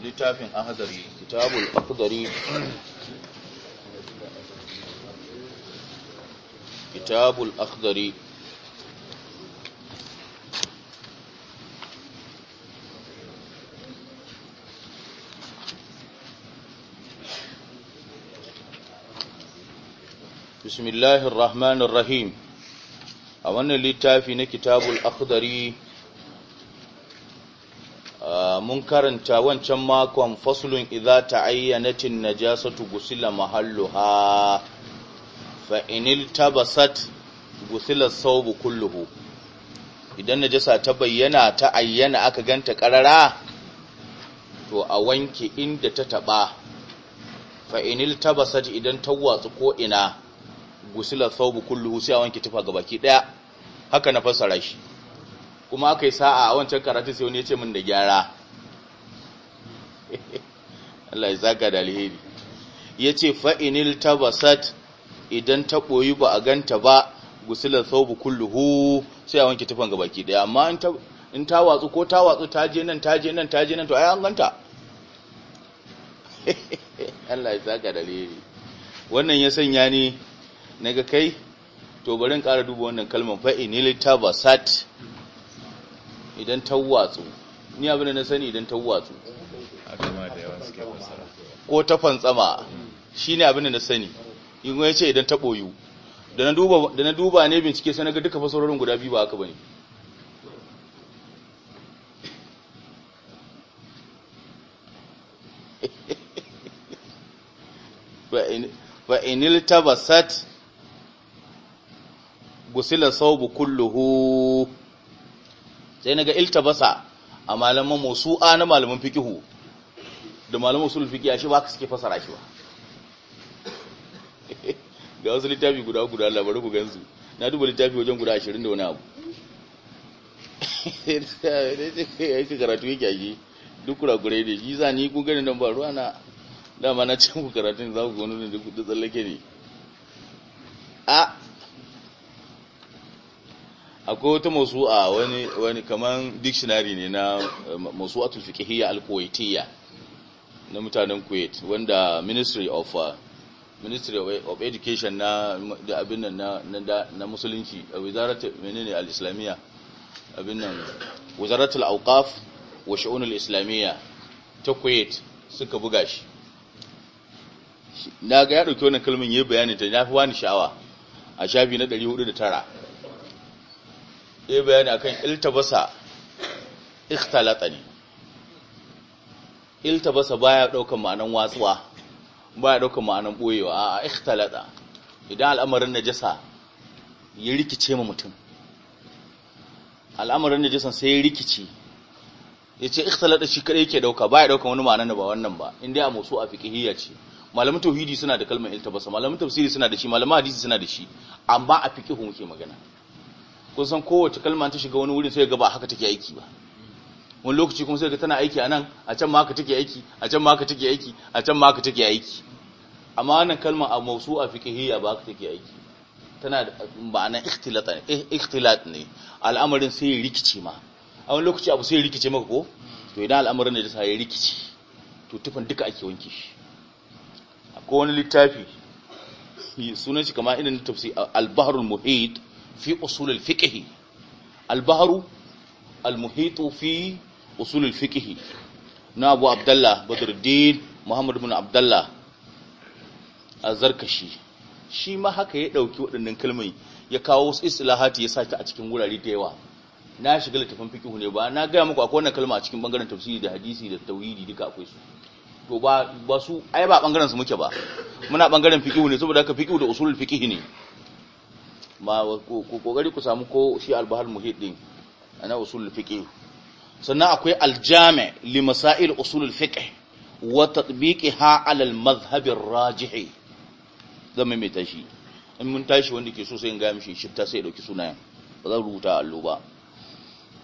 littafin ahadari kitabul akhdari kitabul akhdari بسم الله الرحمن الرحيم a wannan littafi na kitabul akhdari mun karanta wancan makon faslun idza ta'ayyanatin najasatu gusila mahalluha fa inil tabasat gusila sawbu kulluhu idan najasa ta bayyana ta ayyana aka ganta karara to a wanke inda ta taba fa inil tabasat idan ta watsu ko ina gusila sawbu kulluhu sai a wanke tufa gabaki daya haka na fassara shi kuma aka yi sa'a a wancan karatu sai wani ya ce min da gyara Allah ya zaka da alheri ya ce fa'inil tabasat idan ta ɓoyi ba a ganta ba gusilar saubu kulluhu sai a wanke tufan gabaki daya amma in ta watsu ko ta watsu ta je nan ta je nan ta je nan to ai an ganta Allah ya da alheri wannan ya sanya ni ga kai to bari in ƙara duba wannan kalmar fa'inil inil tabasat idan ta watsu ni abin da na sani idan ta watsu ko ta fantsama ne abin da na sani in ya ce idan ta ɓoyu da na duba da na duba ne bincike sai na ga duka fasarorin guda biyu ba haka bane ne. inil basat gusila saubu kulluhu sai naga iltabasa a malaman musu'a na malaman fikihu da malaman usul fikiya shi ba ka suke fasara shi ba ga wasu littafi guda guda Allah bari ku gansu na duba littafi wajen guda 20 da wani abu sai ka karatu yake aje duk kurakure ne shi za ni kun gani nan ba ruwa na dama na cin ku karatun za ku gani da tsallake ne a akwai wata masu'a wani wani kaman dictionary ne na eh, masu'atul fiqhiyya al-kuwaitiyya na mutanen Kuwait wanda Ministry of eh, Ministry eh, of Education na da abin nan na na musulunci wizarat menene al-islamiyya abin nan wizaratul awqaf wa shu'unul islamiyya ta Kuwait suka buga shi na ga ya dauki wannan kalmin yi bayani ta fi wani sha'awa a shafi na 409 ya bayani akan iltabasa ikhtalata ne iltabasa baya daukan ma'anan watsuwa baya daukan ma'anan boyewa a ikhtalata idan al'amarin najasa ya rikice ma mutum al'amarin najasan sai ya rikice yace ikhtalata shi kadai yake dauka baya daukan wani ma'anan da ba wannan ba inda a motsu a fiqhiyya ce malamin tauhidi suna da kalmar iltabasa malamin tafsiri suna da shi malamin hadisi suna da shi amma a fiqhu muke magana kun san kowace kalma ta shiga wani wurin sai ga ba haka take aiki ba wani lokaci kuma sai ga tana aiki anan a can ma haka take aiki a can ma haka take aiki a can ma haka take aiki amma wannan kalma a mausu a fiqhiyya ba haka take aiki tana da ma'ana eh, ikhtilat ne al'amarin sai ya rikice ma a wani lokaci abu sai ya rikice maka ko to idan al'amarin da sa ya rikice to tufan duka ake wanke shi akwai wani littafi sunan shi kamar irin tafsir al-bahrul muhit في أصول الفقه البحر al في أصول الفقه نابو عبد الله بدر na Abu بن عبد Muhammad الزركشي zarkashi shi ma haka ya ɗauki waɗannan kalmai ya kawo wasu islahati ya sa ta a cikin wurare da yawa na shiga littafin fikihu ne ba na gaya muku akwai wannan kalma a cikin bangaren tafsiri da hadisi da tauhidi duka akwai su to ba ba su ai ba bangaren su muke ba muna bangaren fikihu ne saboda haka fikihu da usulul fikihi ne ma ku kokari ku samu ko shi albahar muhidi ana usul fiqh sannan akwai aljami li masail usul fiqh wa tatbiqiha ala al madhhab ar rajih mai tashi in mun tashi wanda ke so sai in ga mishi shifta sai dauki sunayen ba zan rubuta allo ba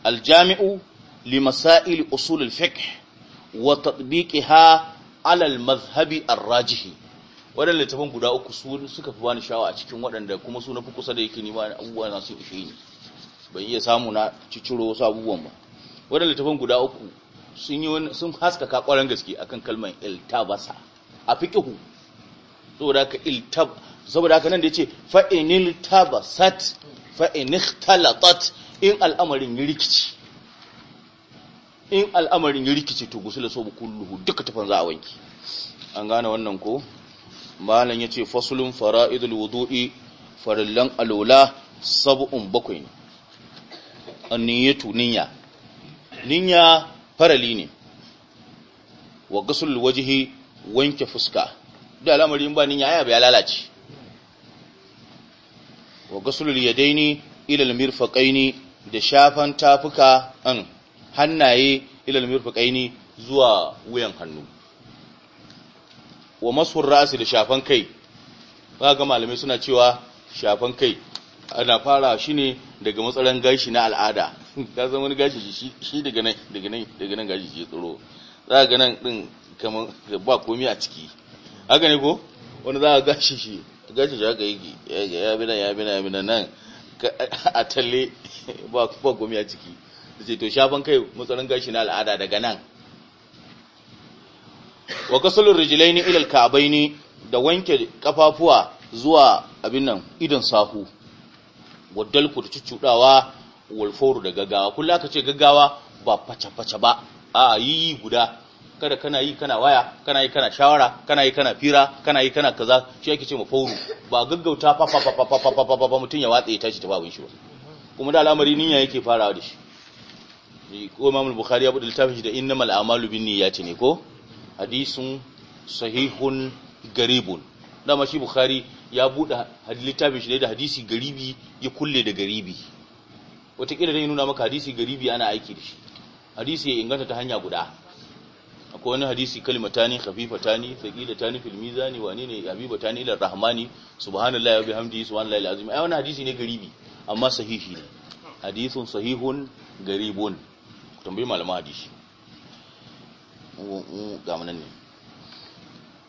aljami'u li masail usul al fiqh wa tatbiqiha ala al madhhab ar waɗanda littafin guda uku su suka fi bani shawa a cikin waɗanda kuma su na fi kusa da yake nima abubuwa na su ishe ni ban iya samu na ciciro wasu abubuwan ba waɗanda littafin guda uku sun yi sun haska ka ƙwarar gaske akan kalmar iltabasa a fiƙihu saboda haka iltab saboda haka nan da yace fa inil tabasat fa inhtalatat in al'amarin ya rikici in al'amarin ya rikici to gusula so kulluhu duka tafan za a wanki an gane wannan ko malam ya ce fasulun fara'idul wudu'i farillan alola sabu'un bakwai ne anniyatu niyya niyya farali ne wa gasul wajihi wanke fuska da al'amarin ba niyya ya bayan lalace wa ya yadaini ila almirfaqaini da shafan tafuka an hannaye ila almirfaqaini zuwa wuyan hannu wa mashur rasi da shafan kai ba ga malamai suna cewa shafan kai ana fara shi ne daga matsalan gashi na al'ada ta zama wani gashi shi daga nan daga nan daga nan gashi shi tsoro za ga nan din kamar ba komai a ciki haka ne ko wani za ga gashi shi gashi shi haka yake ya bi nan ya bi nan ya bi nan nan a talle ba komai a ciki da ce to shafan kai matsalan gashi na al'ada daga nan wa gasulun rijilaini ilal ne da wanke kafafuwa zuwa abin nan idan sahu waddalku da cuccudawa walforu da gaggawa kullum aka ce gaggawa ba face-face ba a yi guda kada kana yi kana waya kana yi kana shawara kana yi kana fira kana yi kana kaza shi ake ce ma fauru ba gaggauta fa fa fa fa fa fa ya watsa ya tashi ta babun shi kuma da al'amari niyya yake farawa da shi ko Imam Bukhari ya bude littafin shi da innamal a'malu ne ko hadisun sahihun garibun dama shi bukhari ya buɗe littafin shi da hadisi garibi ya kulle da garibi watakila dai nuna maka hadisi garibi ana aiki da shi hadisi ya inganta ta hanya guda akwai wani hadisi kalimatani khafifatani thaqilatani fil ne wane ne ne ilar rahmani subhanallahi wa bihamdihi subhanallahi azumi ai wani hadisi ne garibi amma sahihi ne hadisun sahihun garibun tambayi malaman hadisi ga munan ne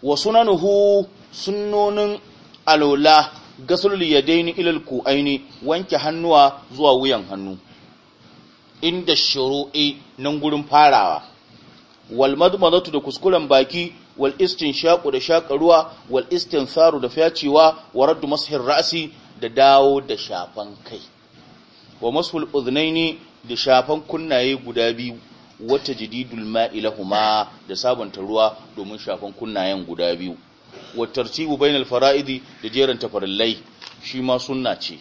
wa sunanuhu sunnonin alola gasul yadaini ilal ku'aini wanke hannuwa zuwa wuyan hannu inda shuru'i nan gurin farawa wal madmadatu da kuskuren baki wal istinshaqu da shakaruwa, wal saru da fyacewa wa raddu mashir ra'si da dawo da shafan kai wa mashul udhnaini da shafan kunnaye guda biyu wata jadidul ma'ilahuma da sabanta ruwa domin shafan kunnayen guda biyu wa tartibu bainal fara'idi da jeran tafarillai shi ma sunna ce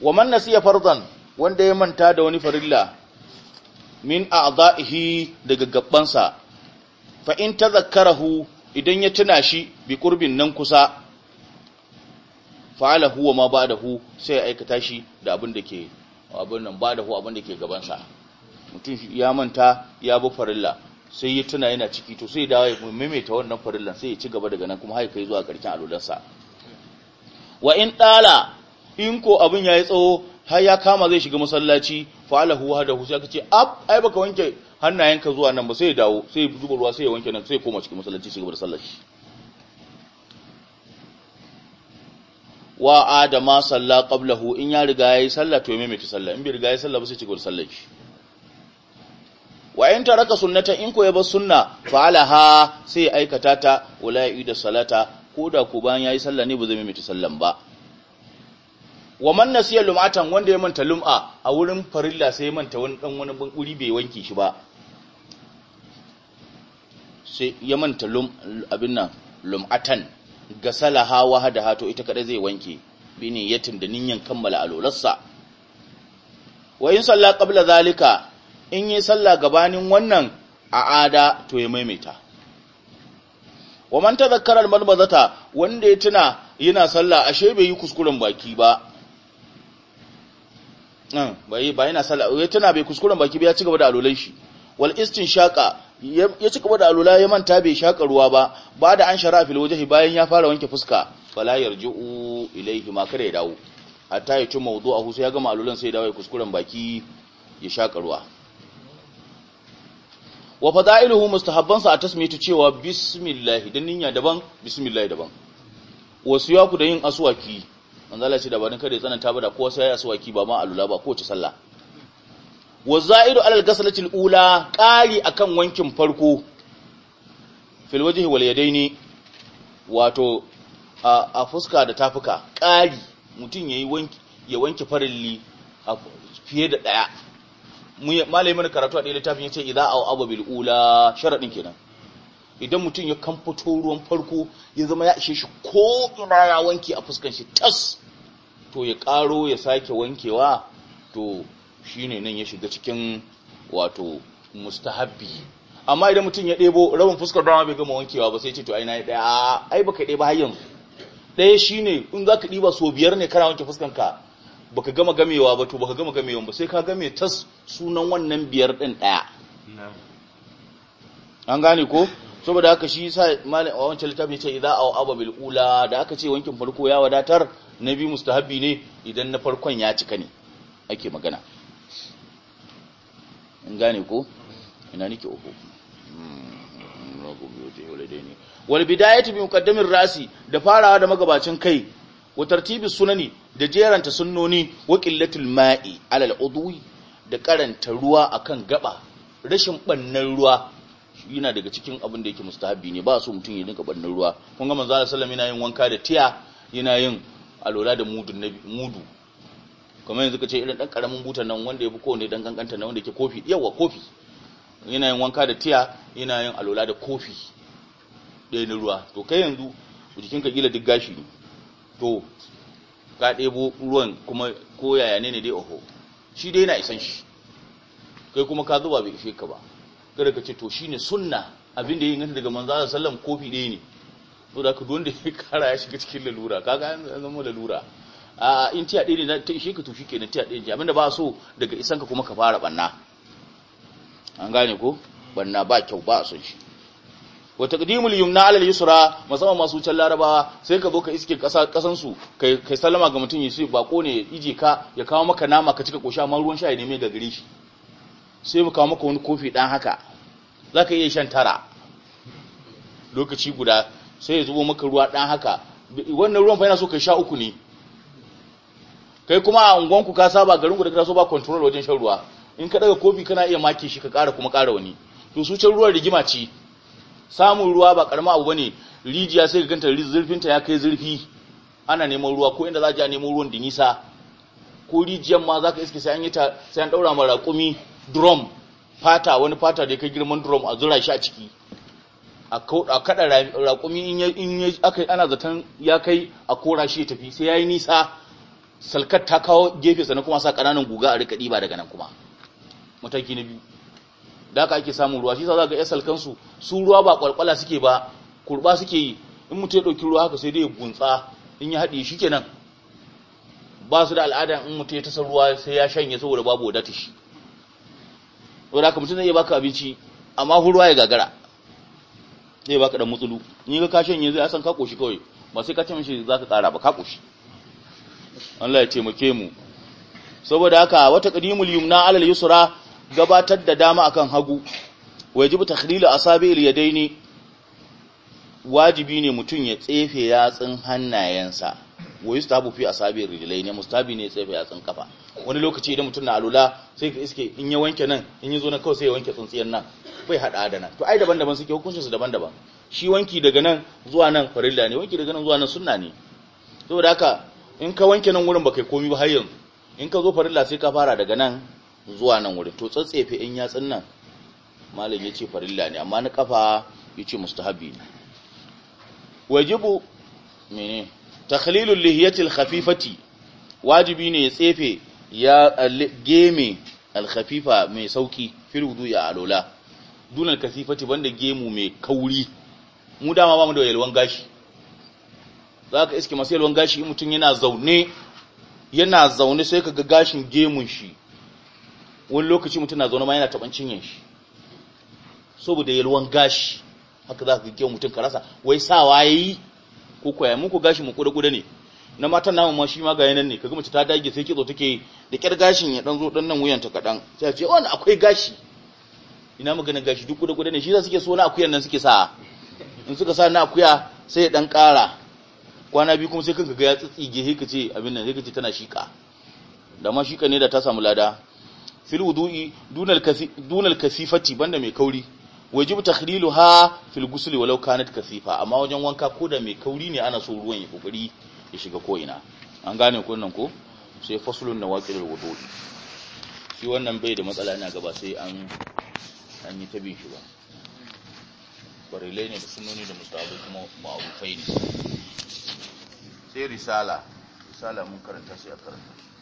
wa man nasiya fardan wanda ya manta da wani farilla min a'dha'ihi daga gabbansa fa in tazakkarahu idan ya tuna shi bi qurbin nan kusa fa'ala huwa ma ba'dahu sai ya aikata shi da abin da ke abin nan ba'dahu abin da ke gabansa mutum ya manta ya bi farilla sai ya tuna yana ciki to sai dawo ya maimaita wannan farillan sai ya ci gaba daga nan kuma haikai kai zuwa karshen alulansa wa in dala in ko abin yayi tsawo har ya kama zai shiga masallaci fa alahu wahdahu sai kace ab ai baka wanke hannayenka zuwa nan ba sai ya dawo sai ya zuba ruwa sai ya wanke nan sai ya koma cikin masallaci shiga da sallar wa adama salla qablahu in ya riga yayi sallah to ya maimaita sallah in bai riga yayi sallah ba sai ci gaba da sallar wa in taraka sunnata in ko ya bar sunna fa alaha sai aikata ta ulai da salata koda ko bayan yayi sallah ne ba zai mimita sallan ba wa man nasiya lum'atan wanda ya manta lum'a a wurin farilla sai ya manta wani dan wani bankuri bai wanke shi ba sai ya manta lum abin nan lum'atan ga salaha wahadaha to ita kada zai wanke bi niyatin da ninyan kammala alolarsa wa in salla qabla zalika in yi sallah gabanin wannan a ada to ya maimaita wa man tadhakkara al-malmazata wanda ya tuna yana sallah ashe bai yi kuskuren baki ba nan hmm, bai bai yana sallah ya tuna bai kuskuren baki ba ya cigaba da alulan shi wal shaƙa ya cigaba da alula ya manta bai shaka ruwa ba ba da an shara fil wajhi bayan ya fara wanke fuska fala yarji'u ilayhi ma kare dawo hatta ya ci mawdu'ahu sai ya gama alulan sai ya dawo ya kuskuren baki ya shaka ruwa wa fada'iluhu mustahabbansa a tasmiyatu cewa bismillah dan niyya daban bismillah daban wasu ya ku da yin aswaki manzo Allah ce da barin kada ya tsananta ba da ko sai aswaki ba ma alula ba ci sallah wa za'idu alal ghaslati alula qali akan wankin farko fil wajhi wal yadaini wato a fuska da tafuka qali mutun yayi wanki ya wanke farilli fiye da daya malami mana karatu a ɗaya littafin ya ce idza aw abu bil ula sharadin kenan idan mutum ya kamfato ruwan farko ya zama ya ishe shi ko ina ya wanke a fuskan shi tas to ya karo ya sake wankewa to shine nan ya shiga cikin wato mustahabbi amma idan mutum ya ɗebo rabin fuskar dama bai gama wankewa ba sai ce to ai na ɗaya ai baka ɗeba har yanzu ɗaya shine in za ka ɗiba so biyar ne kana wanke fuskanka baka gama gamewa ba to baka gama gamewa ba sai ka game tas sunan wannan biyar ɗin ɗaya an gane ko saboda haka shi sa malam a wancan littafin ce idza aw aba bil ula da aka ce wankin farko ya wadatar na biyu mustahabbi ne idan na farkon ya cika ne ake magana an gane ko ina nake uku hmm, wal bidayatu bi muqaddamir rasi da farawa da magabacin kai wa tartibis sunani da jeranta sunnoni wa qillatul ma'i alal udwi da karanta ruwa akan gaba rashin bannan ruwa yana daga cikin abin da yake mustahabi ne ba so mutum ya dinka bannan ruwa kun ga manzo sallallahu yana yin wanka da tiya yana yin alola da mudu mudu kamar yanzu kace irin dan karamin butan nan wanda yafi kowane dan kankanta na wanda yake kofi yawa kofi yana yin wanka da tiya yana yin alola da kofi ɗaya na ruwa to kai yanzu jikinka gila duk gashi ne to ka ɗebo ruwan kuma ko yaya ne ne dai oho shi dai yana isan shi kai kuma ka zuba bai ishe ka ba kada ka ce to shine sunna abin da ya inganta daga manzo sallan kofi ɗaya ne to da ka duwanda ya kara ya shiga cikin lalura kaga an zama lalura a in tiya ɗaya ne ta ishe ka to shi na tiya ɗaya ne abinda ba so daga isan ka kuma ka fara banna an gane ko banna ba kyau ba a son shi wa taqdimul yumna ala al-yusra musamman masu can larabawa sai ka zo ka iske kasan su kai kai sallama ga mutun yusuf bako ne ije ka ya kawo maka nama ka cika koshi amma ruwan sha ya neme ga gare shi sai mu kawo maka wani kofi dan haka zaka iya shan tara lokaci guda sai ya zubo maka ruwa dan haka wannan ruwan fa yana so kai sha uku ne kai kuma a unguwanku ka saba garin ku da ka so ba control wajen shan ruwa in ka daga kofi kana iya make shi ka ƙara kuma ƙara wani to su can ruwan rigima ce samun ruwa ba karama abu bane rijiya sai ka ganta zurfinta ya kai zurfi ana neman ruwa ko inda za a je a neman ruwan da nisa ko rijiyar ma za ka iske sai an yi ta sai an daura ma raƙumi drum fata wani fata da ya kai girman drum a zura shi a ciki a kada raƙumi in ya ana zaton ya kai a kora shi ya tafi sai ya yi nisa salkar ta kawo gefe sannan kuma sa ƙananan guga a rika ba daga nan kuma mataki na biyu da aka ake samun ruwa shi sa za ga yasal kansu su ruwa ba kwalkwala suke ba kurba suke yi in mutum ya ɗauki ruwa haka sai dai ya in ya haɗe shi kenan ba su da al'ada in mutum ya tasa ruwa sai ya shanye saboda babu wadata shi saboda haka mutum zai iya baka abinci amma ruwa ya gagara zai baka dan mutsulu in ga ka shanye zai san ka koshi kawai ba sai ka ce mishi za ka ƙara ba ka koshi Allah ya taimake mu saboda haka wata qadimul yumna alal yusra gabatar da dama akan hagu wajibu takhlilu il yadaini wajibi ne mutum ya tsefe yatsun hannayensa wa yustahabu fi il rijlaini mustabi ne tsefe yatsun kafa wani lokaci idan mutum na alula sai ka iske in ya wanke nan in ya zo na kawai sai ya wanke tsuntsiyar nan bai hada da nan to ai daban-daban suke hukuncin su daban-daban shi wanki daga nan zuwa nan farilla ne wanki daga nan zuwa nan sunna ne saboda haka in ka wanke nan wurin baka komi ba har yanzu in ka zo farilla sai ka fara daga nan zuwa nan wurin to tsatsefe in yatsun nan malam ya ce farilla ne amma na kafa ya ce mustahabi ne wajibu mene takhlilul lihiyatil khafifati wajibi ne ya tsefe ya geme alkhafifa mai sauki fil ya alola dunal kasifati banda gemu mai kauri mu dama ba mu da yalwan gashi zaka iske masu yalwan gashi in mutun yana zaune yana zaune sai kaga gashin gemun shi wani lokaci mutum na zaune ma yana taban cinye shi saboda yalwan gashi haka za ka kyau mutum ka rasa wai sa yayi ko koya muku gashi mu kudu-kudu ne na matan namu ma shi ma ga yanan ne ka gama ta dage sai kitso take da kyar gashin ya dan zo dan nan wuyan ta kadan sai ce wani oh, akwai gashi ina magana gashi duk kudu-kudu ne shi za suke so na akuyan nan suke sa in suka sa na akuya sai ya dan ƙara kwana biyu kuma sai kanka ga ya tsitsige sai ka ce abin nan sai ka ce tana shika da ma shika ne da ta samu lada fil wudu'i dunal kasifati banda mai kauri wajibu takhliluha fil ghusli walau kanat kasifa amma wajen wanka ko da mai kauri ne ana so ruwan ya kokari ya shiga ko ina an gane ko nan ko sai faslun nawaqil wudu'i shi wannan bai da matsala ina gaba sai an an yi tabi shi ba barilai ne da sunoni da mustahabai kuma ma'rufai ne sai risala risala mun karanta sai a karanta